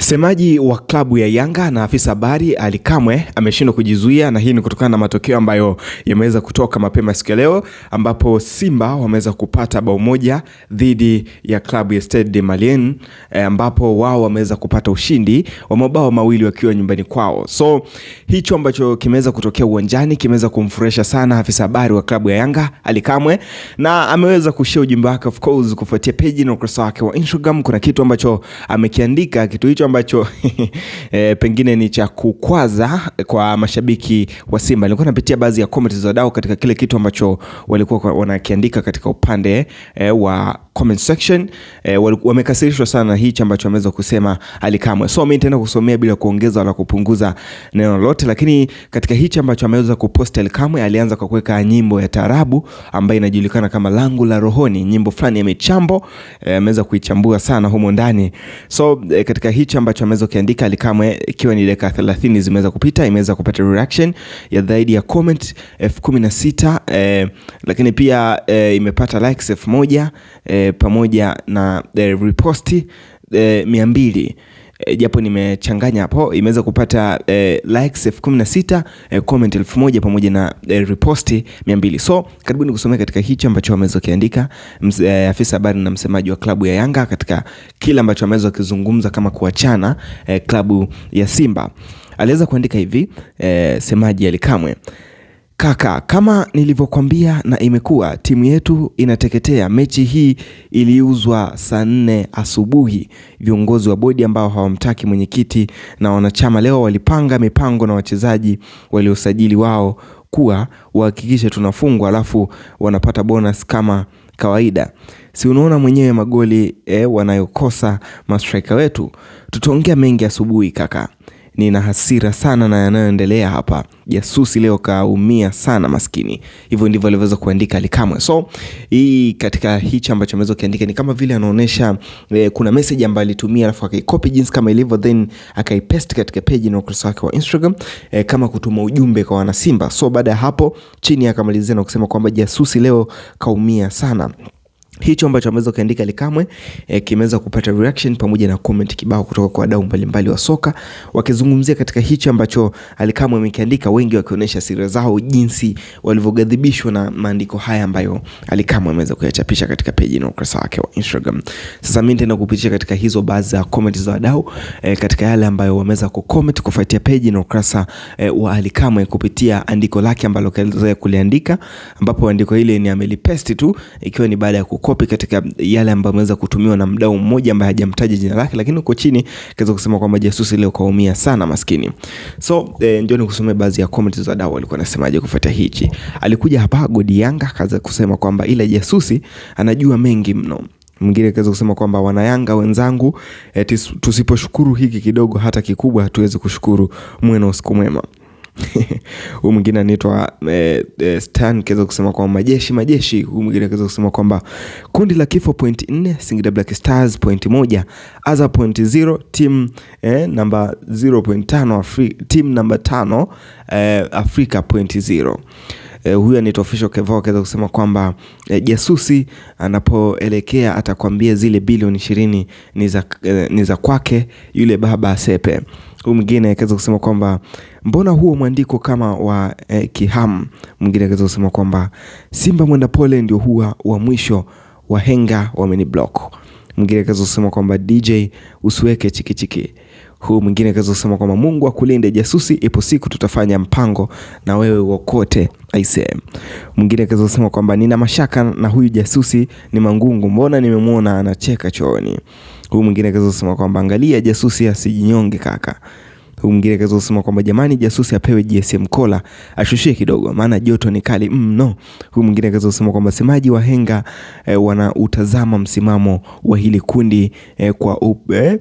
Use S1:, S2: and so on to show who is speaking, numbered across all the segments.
S1: Msemaji wa klabu ya Yanga na afisa habari Ally Kamwe ameshindwa kujizuia, na hii ni kutokana na matokeo ambayo yameweza kutoka mapema siku ya leo, ambapo Simba wameweza kupata bao moja dhidi ya klabu ya Stade Malien, eh, ambapo wao wameweza kupata ushindi wa mabao mawili wakiwa nyumbani kwao. So hicho ambacho kimeweza kutokea uwanjani kimeweza kumfurahisha sana afisa habari wa klabu ya Yanga Ally Kamwe, na ameweza kushare ujumbe wake of course kufuatia page na ukurasa wake wa Instagram. Kuna kitu ambacho amekiandika, kitu hicho ambacho e, pengine ni cha kukwaza kwa mashabiki wa Simba. Nilikuwa napitia baadhi ya comments za wadau katika kile kitu ambacho walikuwa wanakiandika katika upande e, wa comment section e, wamekasirishwa sana hichi ambacho ameweza kusema Ally Kamwe. So mimi nitaenda kusomea bila kuongeza wala kupunguza neno lolote, lakini katika hichi ambacho ameweza kupost Ally Kamwe, alianza kwa kuweka nyimbo ya taarabu ambayo inajulikana kama langu la rohoni, nyimbo fulani ya michambo eh, ameweza kuichambua sana humo ndani. So e, katika hichi ambacho ameweza kuandika Ally Kamwe, ikiwa ni dakika 30 zimeweza kupita, imeweza kupata reaction ya zaidi ya comment elfu kumi lakini pia e, imepata likes 1000 moja Eh, pamoja na e, eh, reposti e, eh, mia mbili e, japo nimechanganya hapo, imeweza kupata e, likes elfu kumi na sita e, comment elfu moja pamoja na e, reposti mia mbili. So karibuni kusomea katika hicho ambacho wameweza kiandika e, afisa habari na msemaji wa klabu ya Yanga katika kile ambacho ameweza kuzungumza kama kuachana e, klabu ya Simba aliweza kuandika hivi e, semaji Alikamwe Kaka, kama nilivyokwambia na imekuwa timu yetu inateketea. Mechi hii iliuzwa saa nne asubuhi. Viongozi wa bodi ambao hawamtaki mwenyekiti na wanachama leo walipanga mipango na wachezaji waliosajili wao kuwa wahakikishe tunafungwa, alafu wanapata bonus kama kawaida. Si unaona mwenyewe magoli eh, wanayokosa mastrika wetu. Tutaongea mengi asubuhi kaka nina hasira sana na yanayoendelea hapa. Jasusi leo kaumia sana maskini. Hivyo ndivyo alivyoweza kuandika alikamwe So hii katika hichi ambacho ameweza kuandika ni kama vile anaonesha e, eh, kuna message ambayo alitumia alafu akaikopi jinsi kama ilivyo then akaipaste katika page na ukurasa wake wa Instagram e, kama kutuma ujumbe kwa wanasimba. So baada ya hapo chini akamalizia na kusema kwamba jasusi leo kaumia sana hicho ambacho ameweza kuandika Likamwe eh, kimeweza kupata reaction pamoja na comment kibao kutoka kwa wadau mbalimbali wa soka wakizungumzia katika hicho ambacho Alikamwe amekiandika, wengi wakionyesha siri zao jinsi walivyoghadhibishwa na maandiko haya ambayo Alikamwe ameweza kuyachapisha katika page na ukurasa wake wa Instagram. Sasa mimi nitaenda kupitia katika hizo baadhi ya comment za wadau eh, katika yale ambayo wameweza ku comment kufuatia page na ukurasa eh, wa Alikamwe kupitia andiko lake ambalo kaliweza kuliandika ambapo andiko hili ni amelipesti tu ikiwa ni baada ya ku kukopi katika yale ambayo ameweza kutumiwa na mdau mmoja ambaye hajamtaja jina lake, lakini uko chini kaweza kusema kwamba jasusi leo kaumia sana maskini. So e, ndio nikusome baadhi ya comments za dau alikuwa anasemaje kufuatia hichi. Alikuja hapa Godi Yanga kaza kusema kwamba ila jasusi anajua mengi mno mwingine kaweza kusema kwamba wanayanga wenzangu, e, tusiposhukuru hiki kidogo hata kikubwa hatuwezi kushukuru. Mwena usiku mwema. huyu mwingine anaitwa eh, eh, Stan kaweza kusema kwamba majeshi majeshi. Huyu mwingine kaweza kusema kwamba kundi la kifo point 4, Singida Black Stars point moja, Azam point 0, team eh, namba 0.5 team namba tano eh, Afrika point zero eh, huyu anaitwa Official Kevo akaweza kusema kwamba eh, jasusi anapoelekea atakwambia zile bilioni ishirini ni za eh, kwake yule baba Sepe. Huyu mwingine akaweza kusema kwamba mbona huo mwandiko kama wa eh, Kiham. Mwingine akaweza kusema kwamba Simba mwenda pole ndio huwa wa mwisho wahenga wameniblock. Mwingine akaweza kusema kwamba DJ usiweke chikichiki Huyu mwingine kaweza kusema kwamba Mungu akulinde jasusi, ipo siku tutafanya mpango na wewe uokote. ICM mwingine kaweza kusema kwamba nina mashaka na huyu jasusi ni Mangungu, mbona nimemwona anacheka chooni. Huyu mwingine kaweza kusema kwamba angalia jasusi asijinyonge kaka. Huyu mwingine kaweza kusema kwamba jamani, jasusi apewe GSM kola ashushie kidogo, maana joto ni kali mno. Mm, huyu mwingine kaweza kusema kwamba semaji wahenga eh, wanautazama msimamo wa hili kundi eh, kwa upe, eh,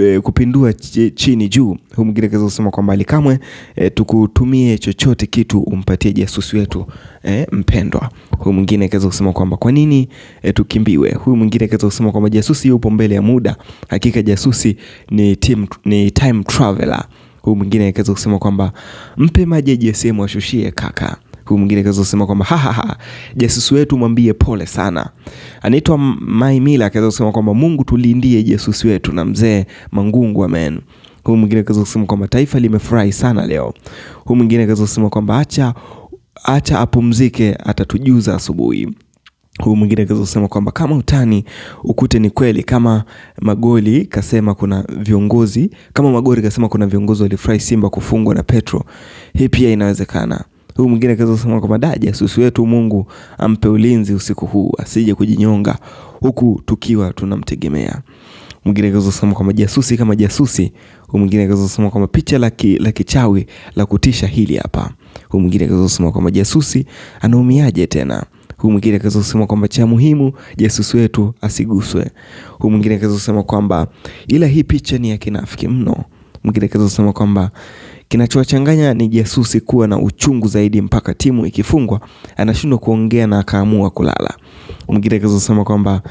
S1: Eh, kupindua chini juu. Huyu mwingine akaweza kusema kwamba alikamwe e, eh, tukutumie chochote kitu umpatie jasusi wetu e, mpendwa. Huyu mwingine akaweza kusema kwamba kwa nini e, tukimbiwe. Huyu mwingine akaweza kusema kwamba jasusi yupo mbele ya muda, hakika jasusi ni, team, ni time traveler. Huyu mwingine akaweza kusema kwamba mpe maji sehemu ashushie kaka. Huyu mwingine kaza kusema kwamba hahaha, jasusi wetu mwambie pole sana. Anaitwa Mai Mila akaweza kusema kwamba Mungu tulindie jasusi wetu, na mzee Mangungu, amen. Huyu mwingine kaza kusema kwamba taifa limefurahi sana leo. Huyu mwingine kaza kusema kwamba acha acha apumzike, atatujuza asubuhi. Huyu mwingine akaweza kusema kwamba kama utani ukute ni kweli, kama magoli kasema kuna viongozi kama magori kasema kuna viongozi walifurahi Simba kufungwa na Petro, hii pia inawezekana. Huyu mwingine akaweza kusema kwamba da, jasusi wetu Mungu ampe ulinzi usiku huu asije kujinyonga huku tukiwa tunamtegemea. Mwingine akaweza kusema kwamba jasusi kama jasusi. Huyu mwingine akaweza kusema kwamba picha la la kichawi la kutisha hili hapa. Huyu mwingine akaweza kusema kwamba jasusi anaumiaje tena? Huyu mwingine akaweza kusema kwamba cha muhimu jasusi wetu asiguswe. Huyu mwingine akaweza kusema kwamba ila hii picha ni ya kinafiki mno. Mwingine akaweza kusema kwamba Kinachowachanganya ni Jasusi kuwa na uchungu zaidi mpaka timu ikifungwa anashindwa kuongea na akaamua kulala. Mwingine akazosema kwamba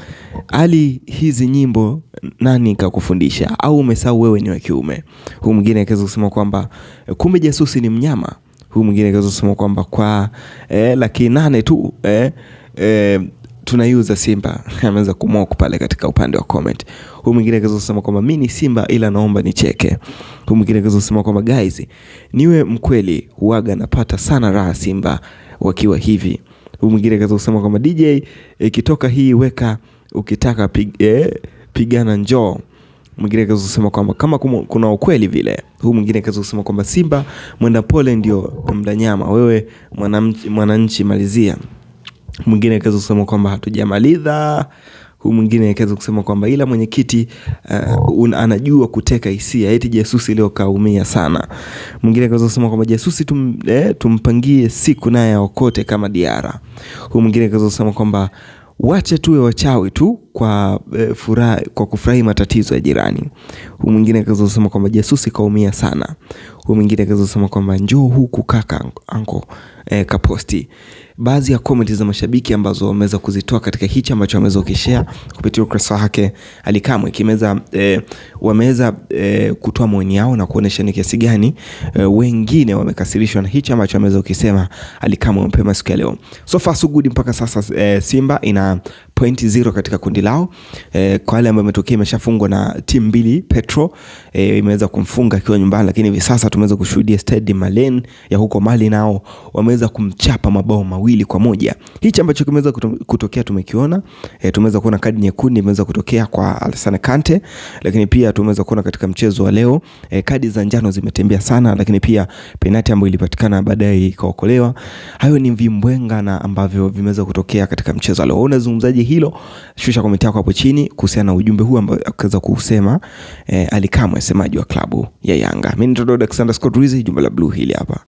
S1: Ali, hizi nyimbo nani kakufundisha au umesahau wewe ni wa kiume? Huyu mwingine akaweza kusema kwamba kumbe Jasusi ni mnyama. Huyu mwingine akaweza kusema kwamba kwa eh, laki nane tu eh, eh, tunaiuza Simba. ameweza kumoku pale katika upande wa comment. Huyu mwingine akaanza kusema kwamba mimi ni Simba ila naomba nicheke. Huyu mwingine akaanza kusema kwamba guys, niwe mkweli, huaga napata sana raha Simba wakiwa hivi. Huyu mwingine akaanza kusema kwamba DJ ikitoka e, hii weka ukitaka pig, eh, pigana njoo. Mwingine akaanza kusema kwamba kama kuna ukweli vile. Huyu mwingine akaanza kusema kwamba Simba mwenda pole ndio mdanyama, wewe mwananchi malizia mwingine akaweza kusema kwamba hatujamaliza huu mwingine akaweza kusema kwamba ila mwenyekiti uh, anajua kuteka hisia, eti jasusi leo kaumia sana. Mwingine akaweza kusema kwamba jasusi tum, eh, tumpangie siku naye aokote kama Diara. Huu mwingine akaweza kusema kwamba wache tuwe wachawi tu kwa e, furaha kwa kufurahi matatizo ya jirani. Huyu mwingine akaweza kusema kwamba jasusi kaumia sana. Huyu mwingine akaweza kusema kwamba njoo huku kaka anko e, kaposti. Baadhi ya comments za mashabiki ambazo wameweza kuzitoa katika hichi ambacho wameweza kushare kupitia ukurasa wake Alikamwe kimeza e, eh, wameweza e, kutoa maoni yao na kuonesha ni kiasi gani e, wengine wamekasirishwa na hichi ambacho ameweza kusema Alikamwe mapema siku ya leo. So far so good mpaka sasa e, Simba ina pointi zero katika kundi lao. E, kwa wale ambao imetokea imeshafungwa na timu mbili Petro e, imeweza kumfunga akiwa nyumbani, lakini hivi sasa tumeweza kushuhudia Stade Malien ya huko Mali nao wameweza kumchapa mabao mawili kwa moja. Hichi ambacho kimeweza kutokea tumekiona, e, tumeweza kuona kadi nyekundu imeweza kutokea kwa Alassane Kante, lakini pia tumeweza kuona katika mchezo wa leo e, kadi za njano zimetembea sana, lakini pia penati ambayo ilipatikana baadaye ikaokolewa. Hayo ni vimbwenga na ambavyo vimeweza kutokea katika mchezo wa leo. Unazungumzaje hilo? Shusha komenti yako hapo chini kuhusiana na ujumbe huu ambao akaweza kusema e, Alikamwe msemaji wa klabu ya Yanga. Mimi ni Dodo Alexander Scott Rizzi, jumba la blue hili hapa.